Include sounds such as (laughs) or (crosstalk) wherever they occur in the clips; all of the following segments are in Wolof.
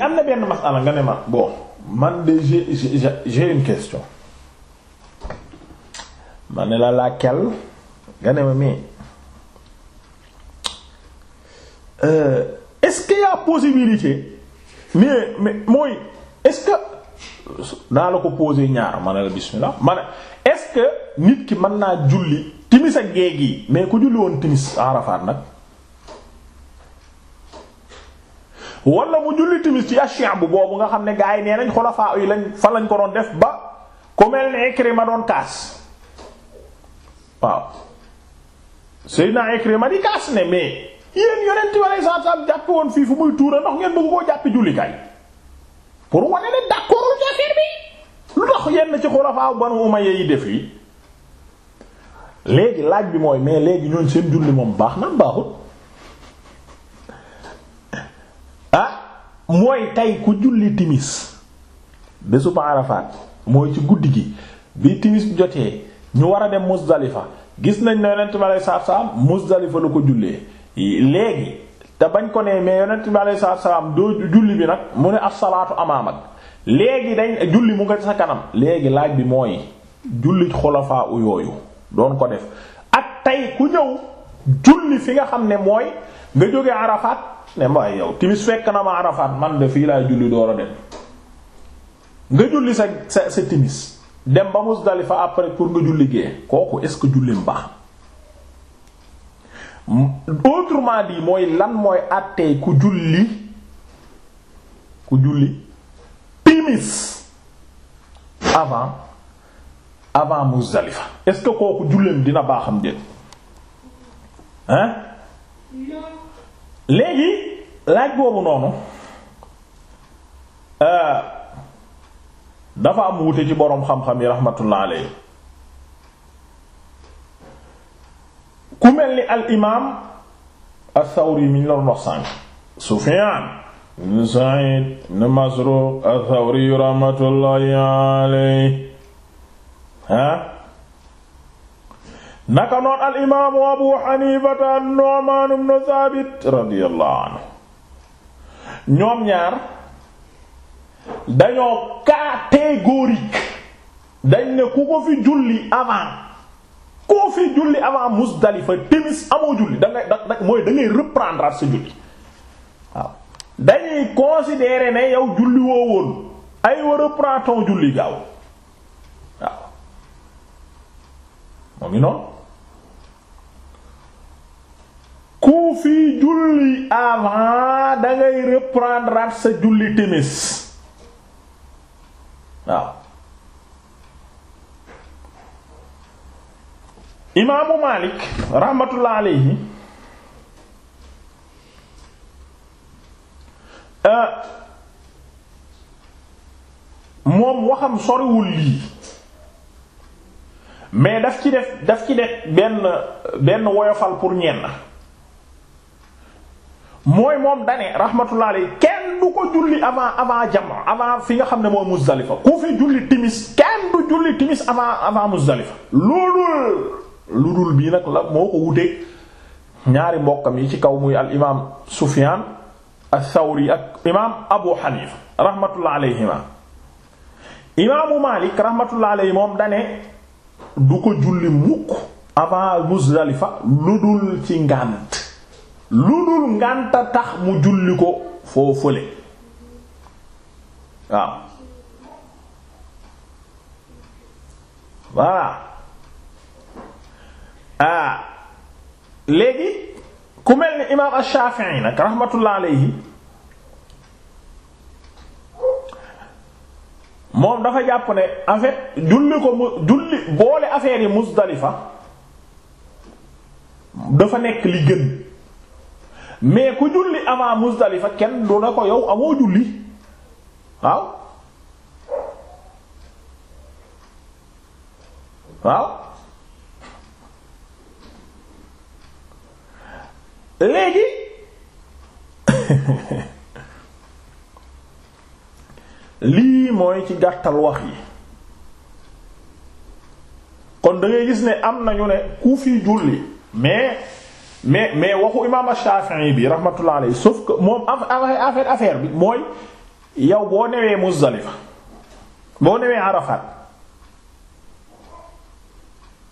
am benn masala nga ne ma bon man de j'ai j'ai une question ma ne la laquelle nga ne ma mais euh, est-ce qu'il y a possibilité mais mooy est-ce que naa la ko poser ñaar ma ne la bismillah ma ne est-ce que nit ki mën naa julli timis ak géej gi mais ku julli woon timis Arafat nag. wala mu julli timis ci ashiyam bu boobu nga xam ne gaa yi nee nañ xulafaa yi lañ fa lañ ko doon def ba ku mel ni Ikrima doon kaas waaw Seydina Ikrima di kaas ne mais yéen yonent bi aleyhi salaatu jàpp woon fii fu muy tuura ndox ngeen bëgg koo jàppi julli kay pour wane ne d'accordul ci affaire bi lu tax yenn ci xulafaa Banu Umayya yi def yi léegi laaj bi mooy mais léegi ñooñ seen julli moom baax na baaxut mooy tey ku julli timis bésu Arafat mooy ci guddi gi bi timis jotee ñu war a dem Muzdalifa gis nañ ne yonent bi alayhi salaatu salaam Muzdalifa la ko jullee léegi te bañ ko ne mais yonent bi alayhi salaatu salaam bi nag mu ne as-salaatu léegi dañ julli mu nga sa kanam léegi laaj bi mooy julli xulafaa u yooyu doon ko def ak tey ku ñëw julli fi nga xam ne mooy nga jóge Arafat ne ma yow timis fekk na ma Arafat man de fii laa julli door a dem nga julli sa sa sa timis dem ba Muzdalifa après pour nga julli gee kooku est-ce que jullim baax autrement dit mooy lan mooy àttee ku julli ku julli timis avant avant Muzdalifa est kooku jullim dina baaxam déet hein léegi laaj boobu noonu euh, dafa am wute ci boroom xam-xam yi rahmatullah alayhi ku mel ni al imaam as-Sawri mi ñu la doon wax sànq Sufyaan ibn Sa'id ibn Masruq as-Sawri rahmatullahi alayhi ha naka noon al imaamu Abu Haniifata an-Nu'maan ibn Saabit radiyallahu anhu ñoom ñaar dañoo catégorique dañ ne ku ko fi julli avant koo fi julli avant Muzdalifa timis amoo julli da da mooy da ngay reprendre at sa julli waaw dañuy considérer ne yow julli woo woon ay wa reprend ton julli gaaw waaw moom ngi noonu ku fi julli avant da ngay sa julli timis waaw imaamu Maalik rahmatullah alayhi euh, moom waxam soriwul lii mais daf ci def daf ci def benn benn woyofal pour ñenn mooy moom dane rahmatullah alayhi kenn du ko julli avant avant jamaa avant fi nga xam ne mooy Muzdalifa ku fi julli timis kenn du julli timis avant avant bii nag la mbokkam yi ci kaw muy al imaam moom dane du Muzdalifa lu dul ci ngànt lu dul ngànta tax mu julli ko foo fële waaw voilà ah léegi ku mel ni imaam Ash-Shafi'i nag rahmatullah alayhi moom dafa jàpp ne en julli ko mu julli boole affaire yi Muzdalifa dafa nekk li gën mais ku julli avant Muzdalifa kenn du ne ko yow amoo julli waaw waaw léegi (laughs) lii mooy ci gàttal wax yi kon dangay gis ne am nañu ne ku fi julli mais mais mais waxu imaam Shafi'i bi rahmatullah sauf que moom affaire affaire bi mooy yow boo newee Muzdalifa boo newee Arafat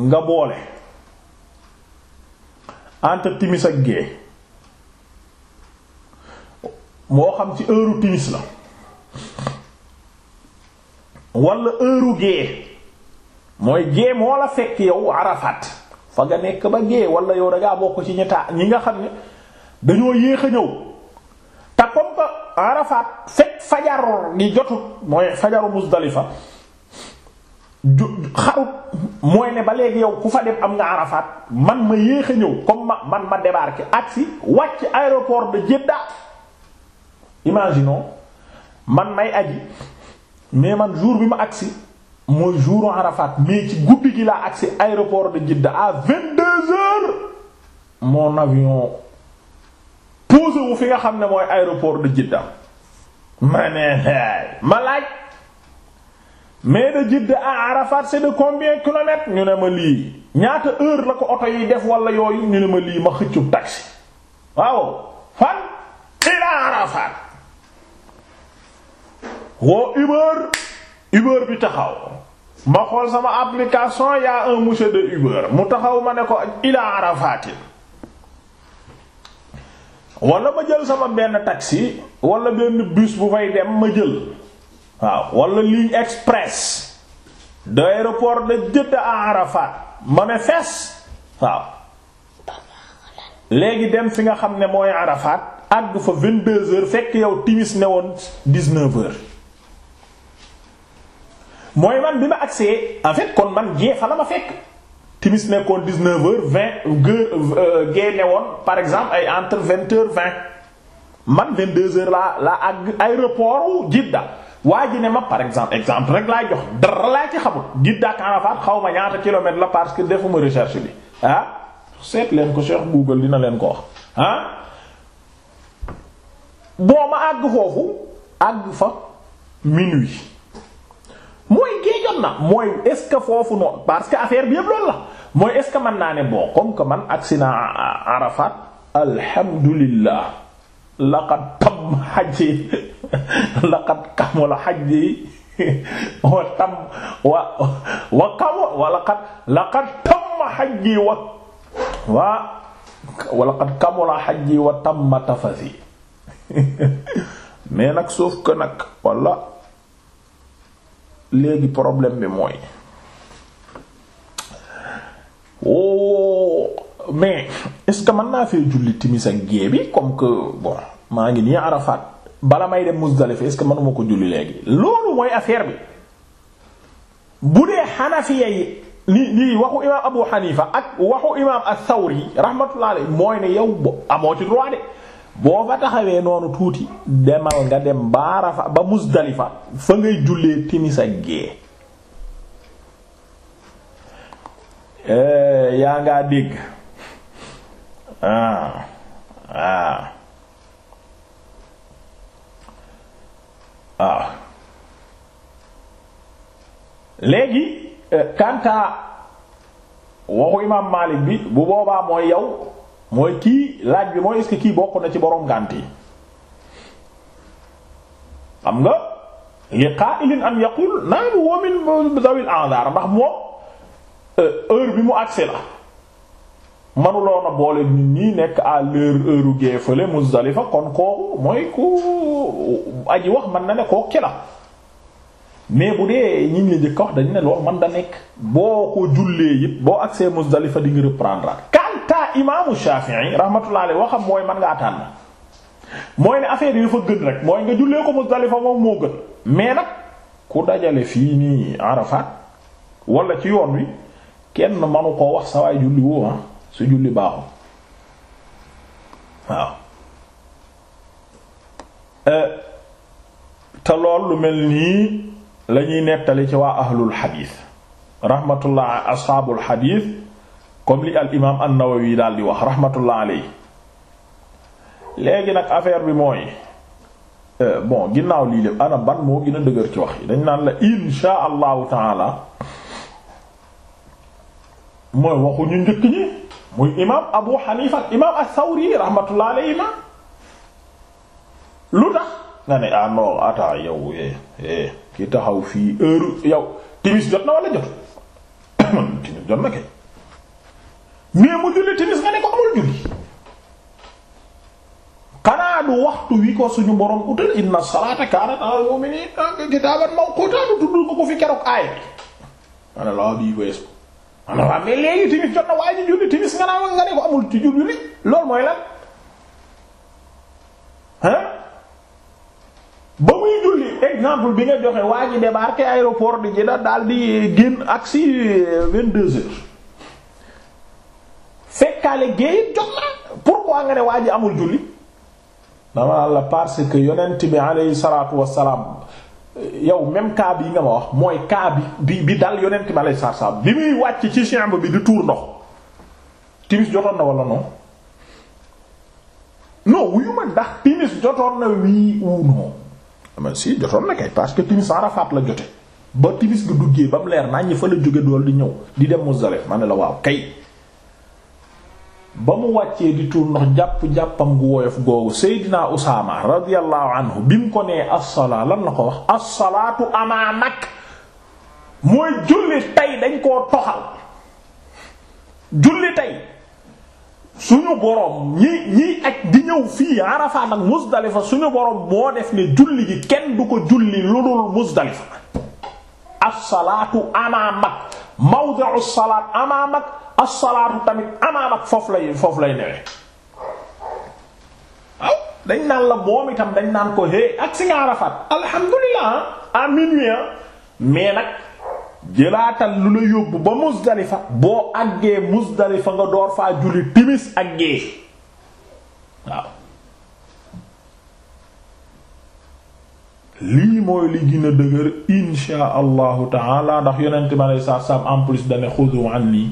nga boole entre timis ak gée moo xam ci heure timis la wala heure gée mooy gée moo la fekk yow Arafat fa nga nekk ba gee walla yow da ngaa bokk ci ñetta ñi nga xam ne dañoo yéex a ñëw te comme que Arafat fekk fajar gi jotut mooy fajaru Muzdalifa ju xarut mooy ne ba léegi yow ku fa dem am nga Arafat man ma yéex a ñëw comme ma man ma débarqué agsi wàcc aéroport de Jeddah imaginons man may aji mais man jour bi ma agsi mooy jour Arafat mais ci guddi gi ak si aéroport de Jeddah à vingt-deux heures mon avion posé fi nga xam ne mooy aéroport de Jeddah ma ne ma laaj mais de Jeddah à c'est de combien de ñu ne ma lii ñaata heure la ko oto yi def wala yooyu ñu ne ma lii ma xëccu taxi waaw fan ila Arafat woo Uber Uber bi taxaw ma xool sama application y'a un monsieur de Uber mu taxaw ma ne ko ila Arafat wala ma jël sama benn taxi walla benn bus bu fay dem ma jël waaw walla ligne express de aéroport de Jeddah à Arafat ma ne fees waaw léegi dem fi nga xam ne mooy Arafat àgg fa 22 heures fekk yow timis ne woon 19 mooy man bi ma agsee en fait kon man gée fa la ma fekk timis nekkoon 19 heures 20 gée euh, gée ne woon par exemple ay entre vingt heures 20 man 22 heures laa laa àgg aéroport Jidda waa ji ne ma par exemple exemple rek laa jox dara laa ci xamul Jidda ak xaw ma ñaata kilomètre la parce que defuma recherche bi ah seet leen ko Cheikh Google dina leen ko wax ah boo ma àgg foofu àgg fa minuit. mooy gée jot na mooy est-ce que foofu noonu parce que affaire bi yëpp loolu la mooy est-ce que man naa ne bon comme que man agsi naa Arafat tam hajji (laughs) laqad kamala hajji (laughs) wa tam wa tam hajji wa wa wa laqad kamala hajji wa tam tafasi (laughs) mais nag sauf walla léegi problème bi mooy oh mais est-ce que mën naa fee julli timis ak gée bi comme que bon maa ngi nii Arafat bala may dem Muzdalifa est man que ko julli léegi loolu mooy affaire bi bu dee Hanafiya yi li lii waxu imaam Abu Hanifa ak waxu imaam as-Sawri rahmatullah alayhi mooy ne yow bo amoo ci droit de. boo taxawee noonu tuuti demal nga dem ba Arafa ba Muzdalifa fa ngay jullee timis ak gée eh, yaa ngaa dégg ah ah ah léegi eh, kanta waxu imaam Maalik bi bu boobaa mooy yow mooy kii laaj bi mooy est kii bokk na ci borom ngànt yi xam nga li qa'ilin an yaqul na'am huwa min zawil anzar ndax moom euh, heure bi mu agsi la manuloon a boole nit ñi nekk à l'heure heure géefale Muzdalifa kon kooku mooy ku aji wax man na ne kooku ci la mais bu dee ñi ngi la njëkk wax dañu ne loolu man da nekk boo ko jullee it boo agsee Muzdalifa di nga reprendre hatta imaamu Shafi'i rahmatullahi alayhi waxam mooy mën ngaa tànn mooy ne affaire yi dafa gën rek mooy nga jullee ko Muzdalifa moom moo gën mais nag ku dajale fii nii Arafat wala ci yoon wi kenn manu ko wax sa waay julli woo ah su julli baaxul waaw euh, te lool lu mel nii lañuy nettali ci waa ahlul xadiis rahmatullah ashaabul xadiis comme li al imaam an-Nawawi daal di wax rahmatullah léegi nag affaire bi mooy euh, bon ginnaaw lii lépp ana ban moo gën a dëgër ci wax yi dañ naan la insha allahu taala mooy waxu njëkk ñi muy imaam Abu Hanifa imaam as-Sawri rahmatullah ma lu tax nga ne ah non ata eh, eh, ki taxaw fii heure yow timis jot na wala jot (coughs) timis jot na kay. mais mu julli timis nga ne ko amul julli xanaa du waxtu wi ko suñu borom utal inna salata ah, ah, ah, na waaye ñu julli timis nga naa ci julli loolu ba muy julli exemple bi nga joxe waa ji débarqué aéroport di Jeddah daal di génn agsi euh, vingt-deux heures indaale géeyit jot na pourquoi nga ne waa ji amul julli dama la parce que yonent bi alayhi salaatu wassalaam yow même cas bi nga ma wax mooy cas bi bi dal yonent bi alayhi salaatu bi muy wàcc ci chambre bi di tuur ndox timis jotoon na wala non non wuyu ma ndax timis jotoon na wii ou non ama ah si jotoon na kay parce que timis Arafat la jote ba timis nga duggee ba mu leer nañ ñi fa la jóge dool di ñëw di dem Muzdalifa ma ne la waaw kay ba mu wàccee di tuur ndox jàpp-jàppam gu woyof googu seydina usaama radiyallahu anhu bi mu ko nee assalaa lan la ko wax assalaatu amaamak mooy julli tey dañ koo toxal julli tey suñu boroom ñi ñiy aj di ñëw fii Arafa nag Muzdalifa suñu boroom moo def ne julli ji kenn du ko julli lu dul Muzdalifa assalaatu amaamak mawdi'u salaat amaamak as-salaatu tamit amaamak foofu lay foofu lay newee waaw dañ naan la moom itam dañ naan ko hé ak si nga Arafat alhamdulilah à minuit mais nag jëlaatal lu la yóbbu ba Muzdalifa boo àggee Muzdalifa nga door faa julli timis ak gée waaw lii mooy li gën a dëgër insha allahu taala ndax yonent bi aleyhi salaatu salaam en plus dane xudu anni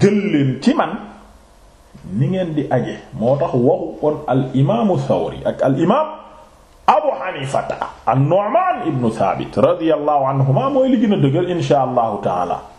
jël leen ci man ni ngeen di aje moo tax waxu kon al Thawri ak al Abu Hanifata an-Nu'man ibnu Thabit radiyallahu anhuma mooy li gën a dëgër insha allahu taala